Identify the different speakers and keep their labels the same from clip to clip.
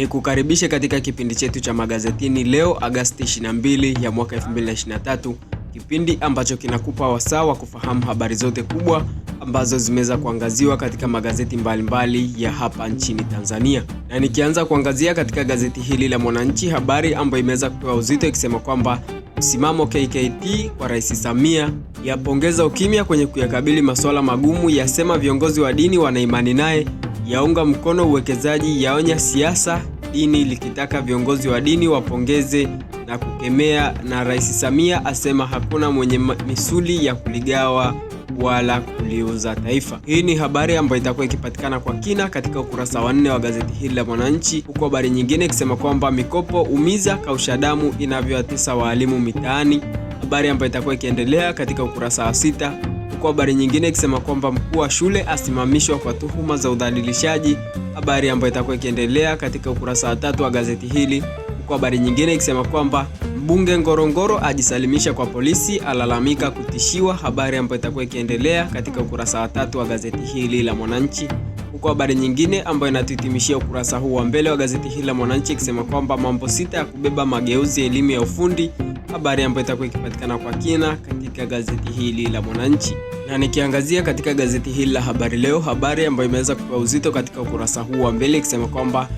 Speaker 1: Ni kukaribishe katika kipindi chetu cha magazetini leo Agasti 22 ya mwaka 2023, kipindi ambacho kinakupa wasaa wa kufahamu habari zote kubwa ambazo zimeweza kuangaziwa katika magazeti mbalimbali mbali ya hapa nchini Tanzania. Na nikianza kuangazia katika gazeti hili la Mwananchi, habari ambayo imeweza kupewa uzito ikisema kwamba msimamo KKT kwa Rais Samia yapongeza ukimya kwenye kuyakabili masuala magumu, yasema viongozi wa dini wana imani naye yaunga mkono uwekezaji, yaonya siasa, dini likitaka viongozi wa dini wapongeze na kukemea, na Rais Samia asema hakuna mwenye misuli ya kuligawa wala kuliuza taifa. Hii ni habari ambayo itakuwa ikipatikana kwa kina katika ukurasa wa nne wa gazeti hili la Mwananchi, huku habari nyingine ikisema kwamba mikopo umiza kausha damu inavyowatesa waalimu mitaani, habari ambayo itakuwa ikiendelea katika ukurasa wa sita huku habari nyingine ikisema kwamba mkuu wa shule asimamishwa kwa tuhuma za udhalilishaji, habari ambayo itakuwa ikiendelea katika ukurasa wa tatu wa gazeti hili, Kwa habari nyingine ikisema kwamba mbunge Ngorongoro ajisalimisha kwa polisi, alalamika kutishiwa, habari ambayo itakuwa ikiendelea katika ukurasa wa tatu wa gazeti hili la Mwananchi huko habari nyingine ambayo inatuhitimishia ukurasa huu wa mbele wa gazeti hili la Mwananchi ikisema kwamba mambo sita ya kubeba mageuzi ya elimu ya ufundi, habari ambayo itakuwa ikipatikana kwa kina katika gazeti hili la Mwananchi. Na nikiangazia katika gazeti hili la Habari Leo, habari ambayo imeweza kupewa uzito katika ukurasa huu wa mbele ikisema kwamba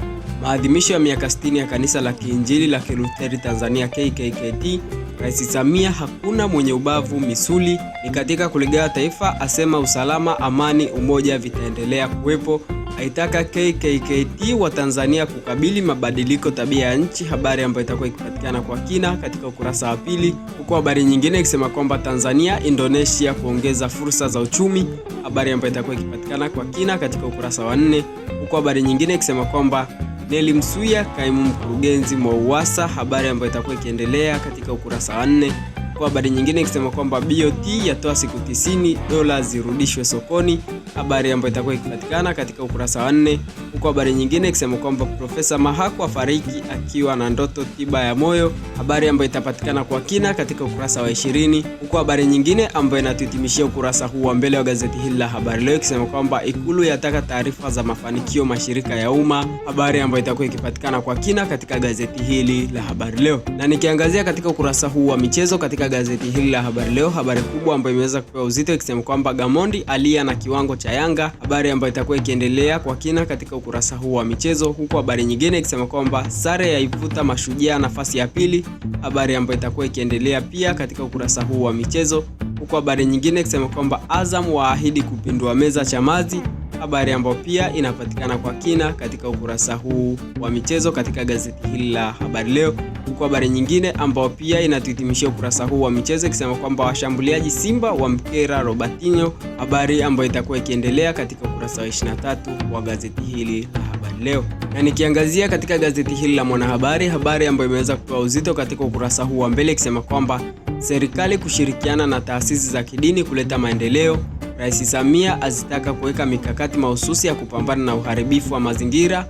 Speaker 1: maadhimisho ya miaka 60 ya kanisa la Kiinjili la Kilutheri Tanzania KKKT Rais Samia hakuna mwenye ubavu, misuli ni katika kuligawa taifa, asema usalama, amani, umoja vitaendelea kuwepo. Aitaka KKKT wa Tanzania kukabili mabadiliko tabia ya nchi, habari ambayo itakuwa ikipatikana kwa kina katika ukurasa wa pili, huku habari nyingine ikisema kwamba Tanzania Indonesia kuongeza fursa za uchumi, habari ambayo itakuwa ikipatikana kwa kina katika ukurasa wa nne, huku habari nyingine ikisema kwamba Neli Msuya, kaimu mkurugenzi mwa Uwasa, habari ambayo itakuwa ikiendelea katika ukurasa wa nne, kwa habari nyingine ikisema kwamba BOT yatoa siku 90 dola zirudishwe sokoni habari ambayo itakuwa ikipatikana katika ukurasa wa nne, huku habari nyingine ikisema kwamba Profesa Mahakwa afariki akiwa na ndoto tiba ya moyo, habari ambayo itapatikana kwa kina katika ukurasa wa ishirini, huku habari nyingine ambayo inatuhitimishia ukurasa huu wa mbele wa gazeti hili la Habari Leo ikisema kwamba Ikulu yataka taarifa za mafanikio mashirika ya umma, habari ambayo itakuwa ikipatikana kwa kina katika gazeti hili la Habari Leo. Na nikiangazia katika ukurasa huu wa michezo katika gazeti hili la Habari Leo, habari kubwa ambayo imeweza kupewa uzito ikisema kwamba Gamondi alia na kiwango cha Yanga, habari ambayo itakuwa ikiendelea kwa kina katika ukurasa huu wa michezo, huku habari nyingine ikisema kwamba sare yaivuta Mashujaa nafasi ya pili, habari ambayo itakuwa ikiendelea pia katika ukurasa huu wa michezo, huku habari nyingine ikisema kwamba Azam waahidi kupindua meza Chamazi habari ambayo pia inapatikana kwa kina katika ukurasa huu wa michezo katika gazeti hili la Habari Leo, huku habari nyingine ambayo pia inatuhitimishia ukurasa huu wa michezo ikisema kwamba washambuliaji Simba wa mkera Robertinho, habari ambayo itakuwa ikiendelea katika ukurasa wa 23 wa gazeti hili la Habari Leo. Na nikiangazia katika gazeti hili la Mwanahabari, habari ambayo imeweza kupewa uzito katika ukurasa huu wa mbele ikisema kwamba serikali kushirikiana na taasisi za kidini kuleta maendeleo Rais Samia azitaka kuweka mikakati mahususi ya kupambana na uharibifu wa mazingira,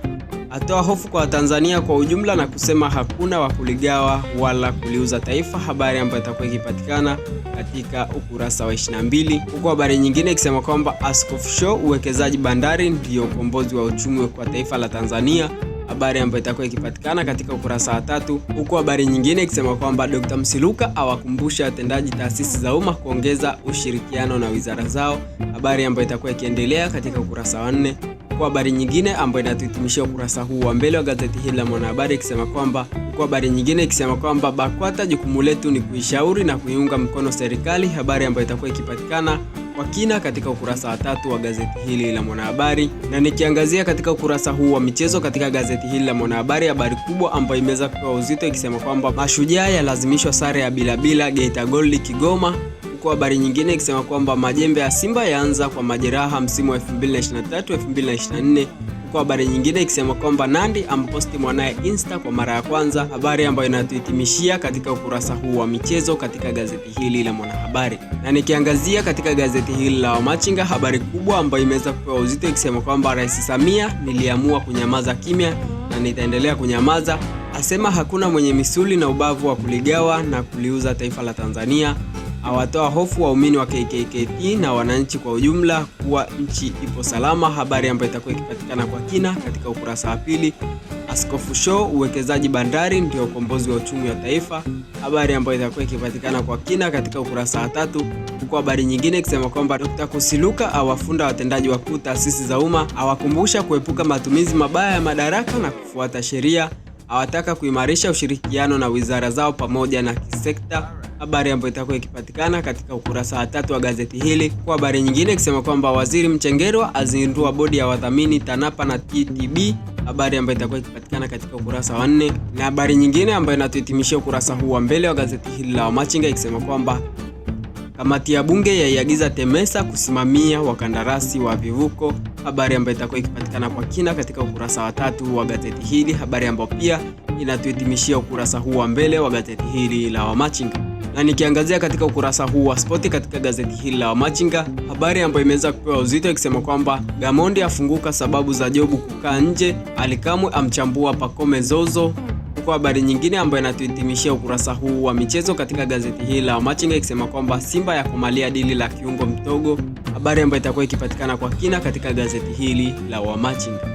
Speaker 1: atoa hofu kwa Watanzania kwa ujumla na kusema hakuna wa kuligawa wala kuliuza taifa, habari ambayo itakuwa ikipatikana katika ukurasa wa 22, huku habari nyingine ikisema kwamba Askofu Show, uwekezaji bandari ndiyo ukombozi wa uchumi kwa taifa la Tanzania habari ambayo itakuwa ikipatikana katika ukurasa wa tatu, huku habari nyingine ikisema kwamba Dr. Msiluka awakumbusha watendaji taasisi za umma kuongeza ushirikiano na wizara zao, habari ambayo itakuwa ikiendelea katika ukurasa wa nne kwa habari nyingine ambayo inatuhitimishia ukurasa huu wa mbele wa gazeti hili la Mwanahabari ikisema kwamba kwa habari nyingine ikisema kwamba BAKWATA jukumu letu ni kuishauri na kuiunga mkono serikali, habari ambayo itakuwa ikipatikana kwa kina katika ukurasa wa tatu wa gazeti hili la Mwanahabari, na nikiangazia katika ukurasa huu wa michezo katika gazeti hili la Mwanahabari, habari kubwa ambayo imeweza kupewa uzito ikisema kwamba Mashujaa yalazimishwa sare ya bilabila Geita Gold Kigoma habari nyingine ikisema kwamba majembe ya Simba yaanza kwa majeraha msimu wa 2023 2024 kwa habari nyingine ikisema kwamba Nandy amposti mwanaye Insta kwa mara ya kwanza, habari ambayo inatuhitimishia katika ukurasa huu wa michezo katika gazeti hili la Mwanahabari. Na nikiangazia katika gazeti hili la Wamachinga, habari kubwa ambayo imeweza kupewa uzito ikisema kwamba Rais Samia, niliamua kunyamaza kimya na nitaendelea kunyamaza, asema hakuna mwenye misuli na ubavu wa kuligawa na kuliuza taifa la Tanzania awatoa hofu waumini wa KKKT na wananchi kwa ujumla kuwa nchi ipo salama, habari ambayo itakuwa ikipatikana kwa kina katika ukurasa wa pili. Askofu Show, uwekezaji bandari ndio ukombozi wa uchumi wa taifa, habari ambayo itakuwa ikipatikana kwa kina katika ukurasa wa tatu, huku habari nyingine ikisema kwamba Dr. Kusiluka awafunda watendaji wakuu taasisi za umma, awakumbusha kuepuka matumizi mabaya ya madaraka na kufuata sheria, awataka kuimarisha ushirikiano na wizara zao pamoja na kisekta habari ambayo itakuwa ikipatikana katika ukurasa wa tatu wa gazeti hili, kwa habari nyingine ikisema kwamba waziri Mchengerwa azindua bodi ya wadhamini TANAPA na TTB, habari ambayo itakuwa ikipatikana katika ukurasa wa nne, na habari nyingine ambayo inatuhitimishia ukurasa huu wa mbele wa gazeti hili la Wamachinga ikisema kwamba kamati ya bunge yaiagiza TEMESA kusimamia wakandarasi wa vivuko, habari ambayo itakuwa ikipatikana kwa kina katika ukurasa wa tatu wa gazeti hili, habari ambayo pia inatuhitimishia ukurasa huu wa mbele wa gazeti hili la Wamachinga na nikiangazia katika ukurasa huu wa spoti katika gazeti hili la Wamachinga, habari ambayo imeweza kupewa uzito ikisema kwamba Gamondi afunguka sababu za Jobu kukaa nje, Alikamwe amchambua Pacome Zozo kwa habari nyingine ambayo inatuhitimishia ukurasa huu wa michezo katika gazeti hili la Wamachinga ikisema kwamba Simba ya kumalia dili la kiungo mtogo habari ambayo itakuwa ikipatikana kwa kina katika gazeti hili la Wamachinga.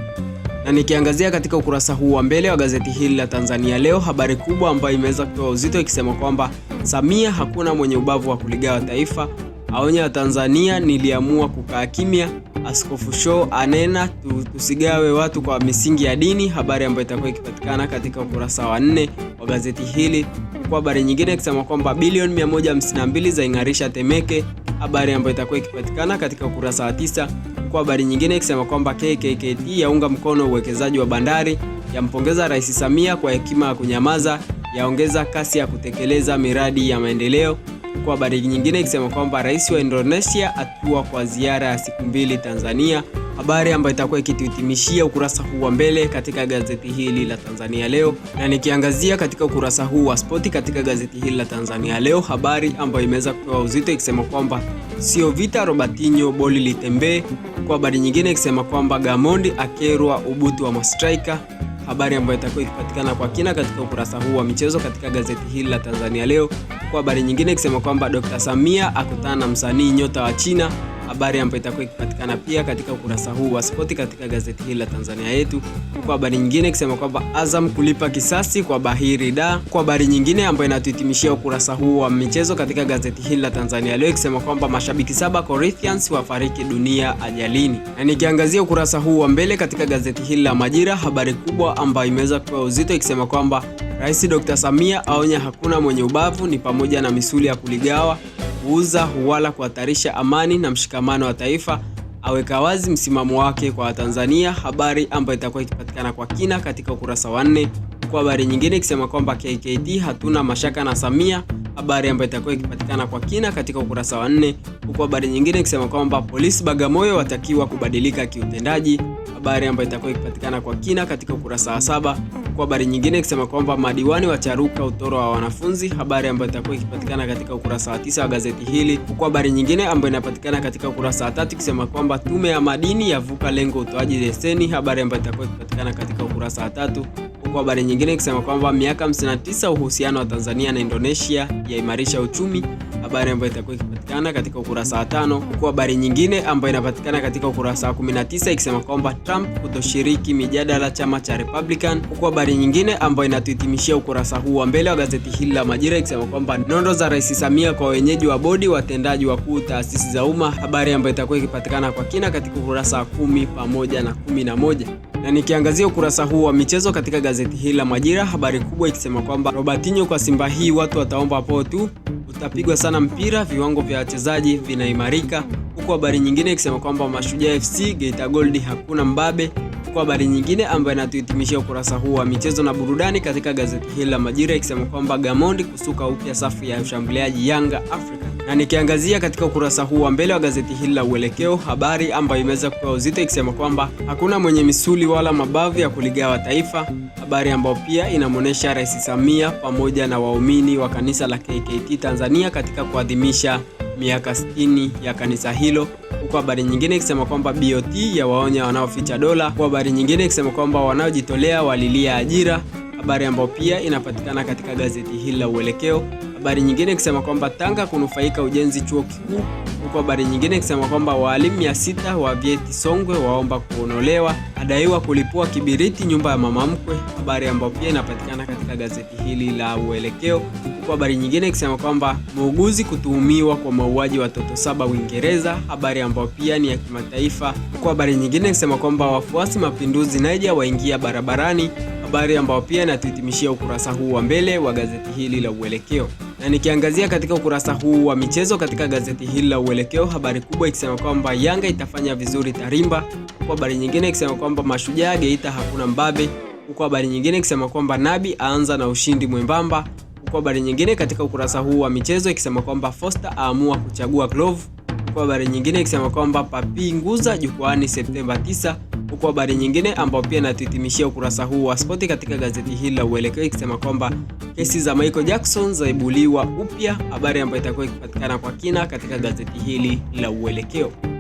Speaker 1: Na nikiangazia katika ukurasa huu wa mbele wa gazeti hili la Tanzania Leo, habari kubwa ambayo imeweza kutoa uzito ikisema kwamba Samia, hakuna mwenye ubavu wa kuligawa taifa, aonya tanzania niliamua kukaa kimya. Askofu Show anena tusigawe watu kwa misingi ya dini, habari ambayo itakuwa ikipatikana katika ukurasa wa nne wa gazeti hili, kwa habari nyingine ikisema kwamba bilioni 152 zaing'arisha Temeke, habari ambayo itakuwa ikipatikana katika ukurasa wa tisa kwa habari nyingine ikisema kwamba KKKT yaunga mkono uwekezaji wa bandari, yampongeza Rais Samia kwa hekima ya kunyamaza, yaongeza kasi ya kutekeleza miradi ya maendeleo. Huku habari nyingine ikisema kwamba Rais wa Indonesia atua kwa ziara ya siku mbili Tanzania habari ambayo itakuwa ikituhitimishia ukurasa huu wa mbele katika gazeti hili la Tanzania Leo, na nikiangazia katika ukurasa huu wa spoti katika gazeti hili la Tanzania Leo, habari ambayo imeweza kutoa uzito ikisema kwamba sio vita, Robertinho boli litembee. Kwa habari nyingine ikisema kwamba Gamondi akerwa ubutu wa mastrika habari ambayo itakuwa ikipatikana kwa kina katika ukurasa huu wa michezo katika gazeti hili la Tanzania Leo, kwa habari nyingine ikisema kwamba Dr. Samia akutana na msanii nyota wa China habari ambayo itakuwa ikipatikana pia katika ukurasa huu wa spoti katika gazeti hili la Tanzania Yetu, huku habari nyingine ikisema kwamba Azam kulipa kisasi kwa Bahiri Da, kwa habari nyingine ambayo inatuhitimishia ukurasa huu wa michezo katika gazeti hili la Tanzania Leo ikisema kwamba mashabiki saba Corinthians wafariki dunia ajalini. Na nikiangazia ukurasa huu wa mbele katika gazeti hili la Majira, habari kubwa ambayo imeweza kupewa uzito ikisema kwamba Rais Dr. Samia aonya hakuna mwenye ubavu ni pamoja na misuli ya kuligawa kuuza huwala kuhatarisha amani na mshikamano wa taifa, aweka wazi msimamo wake kwa Watanzania, habari ambayo itakuwa ikipatikana kwa kina katika ukurasa wa nne, huku habari nyingine ikisema kwamba KKT hatuna mashaka na Samia, habari ambayo itakuwa ikipatikana kwa kina katika ukurasa wa nne, huku habari nyingine ikisema kwamba polisi Bagamoyo watakiwa kubadilika kiutendaji, habari ambayo itakuwa ikipatikana kwa kina katika ukurasa wa saba kwa habari nyingine ikisema kwamba madiwani wacharuka utoro wa wanafunzi, habari ambayo itakuwa ikipatikana katika ukurasa wa tisa wa gazeti hili, huku habari nyingine ambayo inapatikana katika ukurasa wa tatu ikisema kwamba tume ya madini yavuka lengo utoaji leseni, habari ambayo itakuwa ikipatikana katika ukurasa wa tatu huku habari nyingine ikisema kwamba miaka 59 uhusiano wa Tanzania na Indonesia yaimarisha uchumi habari ambayo itakuwa ikipatikana katika ukurasa wa tano, huku habari nyingine ambayo inapatikana katika ukurasa wa 19 ikisema kwamba Trump kutoshiriki mijadala chama cha Republican, huku habari nyingine ambayo inatuhitimishia ukurasa huu wa mbele wa gazeti hili la Majira ikisema kwamba nondo za Rais Samia kwa wenyeji wa bodi watendaji wakuu taasisi za umma, habari ambayo itakuwa ikipatikana kwa kina katika ukurasa wa kumi pamoja na kumi na moja na nikiangazia ukurasa huu wa michezo katika gazeti hili la Majira, habari kubwa ikisema kwamba Robertinho kwa Simba hii watu wataomba poo tu utapigwa sana mpira, viwango vya wachezaji vinaimarika, huku habari nyingine ikisema kwamba Mashujaa FC Geita Gold hakuna mbabe, huku habari nyingine ambayo inatuhitimishia ukurasa huu wa michezo na burudani katika gazeti hili la Majira ikisema kwamba Gamondi kusuka upya safu ya ushambuliaji Yanga Africa. Na nikiangazia katika ukurasa huu wa mbele wa gazeti hili la Uelekeo, habari ambayo imeweza kupewa uzito ikisema kwamba hakuna mwenye misuli wala mabavu ya kuligawa taifa, habari ambayo pia inamwonyesha Rais Samia pamoja na waumini wa kanisa la KKT Tanzania katika kuadhimisha miaka 60 ya kanisa hilo, huko habari nyingine ikisema kwamba BOT ya waonya wanaoficha dola, huku habari nyingine ikisema kwamba wanaojitolea walilia ajira, habari ambayo pia inapatikana katika gazeti hili la Uelekeo. Habari nyingine ikisema kwamba Tanga kunufaika ujenzi chuo kikuu, huku habari nyingine ikisema kwamba waalimu mia sita wa vyeti Songwe waomba kuonolewa, adaiwa kulipua kibiriti nyumba ya mama mkwe, habari ambayo pia inapatikana katika gazeti hili la Uelekeo habari nyingine ikisema kwamba muuguzi kutuhumiwa kwa mauaji watoto saba Uingereza, habari ambayo pia ni ya kimataifa. Huku habari nyingine ikisema kwamba wafuasi mapinduzi naija waingia barabarani, habari ambayo pia inatuhitimishia ukurasa huu wa mbele wa gazeti hili la Uelekeo. Na nikiangazia katika ukurasa huu wa michezo katika gazeti hili la Uelekeo, habari kubwa ikisema kwamba Yanga itafanya vizuri Tarimba, huku habari nyingine ikisema kwamba Mashujaa Geita hakuna mbabe, huku habari nyingine ikisema kwamba Nabi aanza na ushindi mwembamba, huku habari nyingine katika ukurasa huu wa michezo ikisema kwamba Foster aamua kuchagua glove huku habari nyingine ikisema kwamba Papi Nguza jukwani Septemba 9 huku habari nyingine ambayo pia inatitimishia ukurasa huu wa spoti katika gazeti hili la Uelekeo ikisema kwamba kesi za Michael Jackson zaibuliwa upya, habari ambayo itakuwa ikipatikana kwa kina katika gazeti hili la Uelekeo.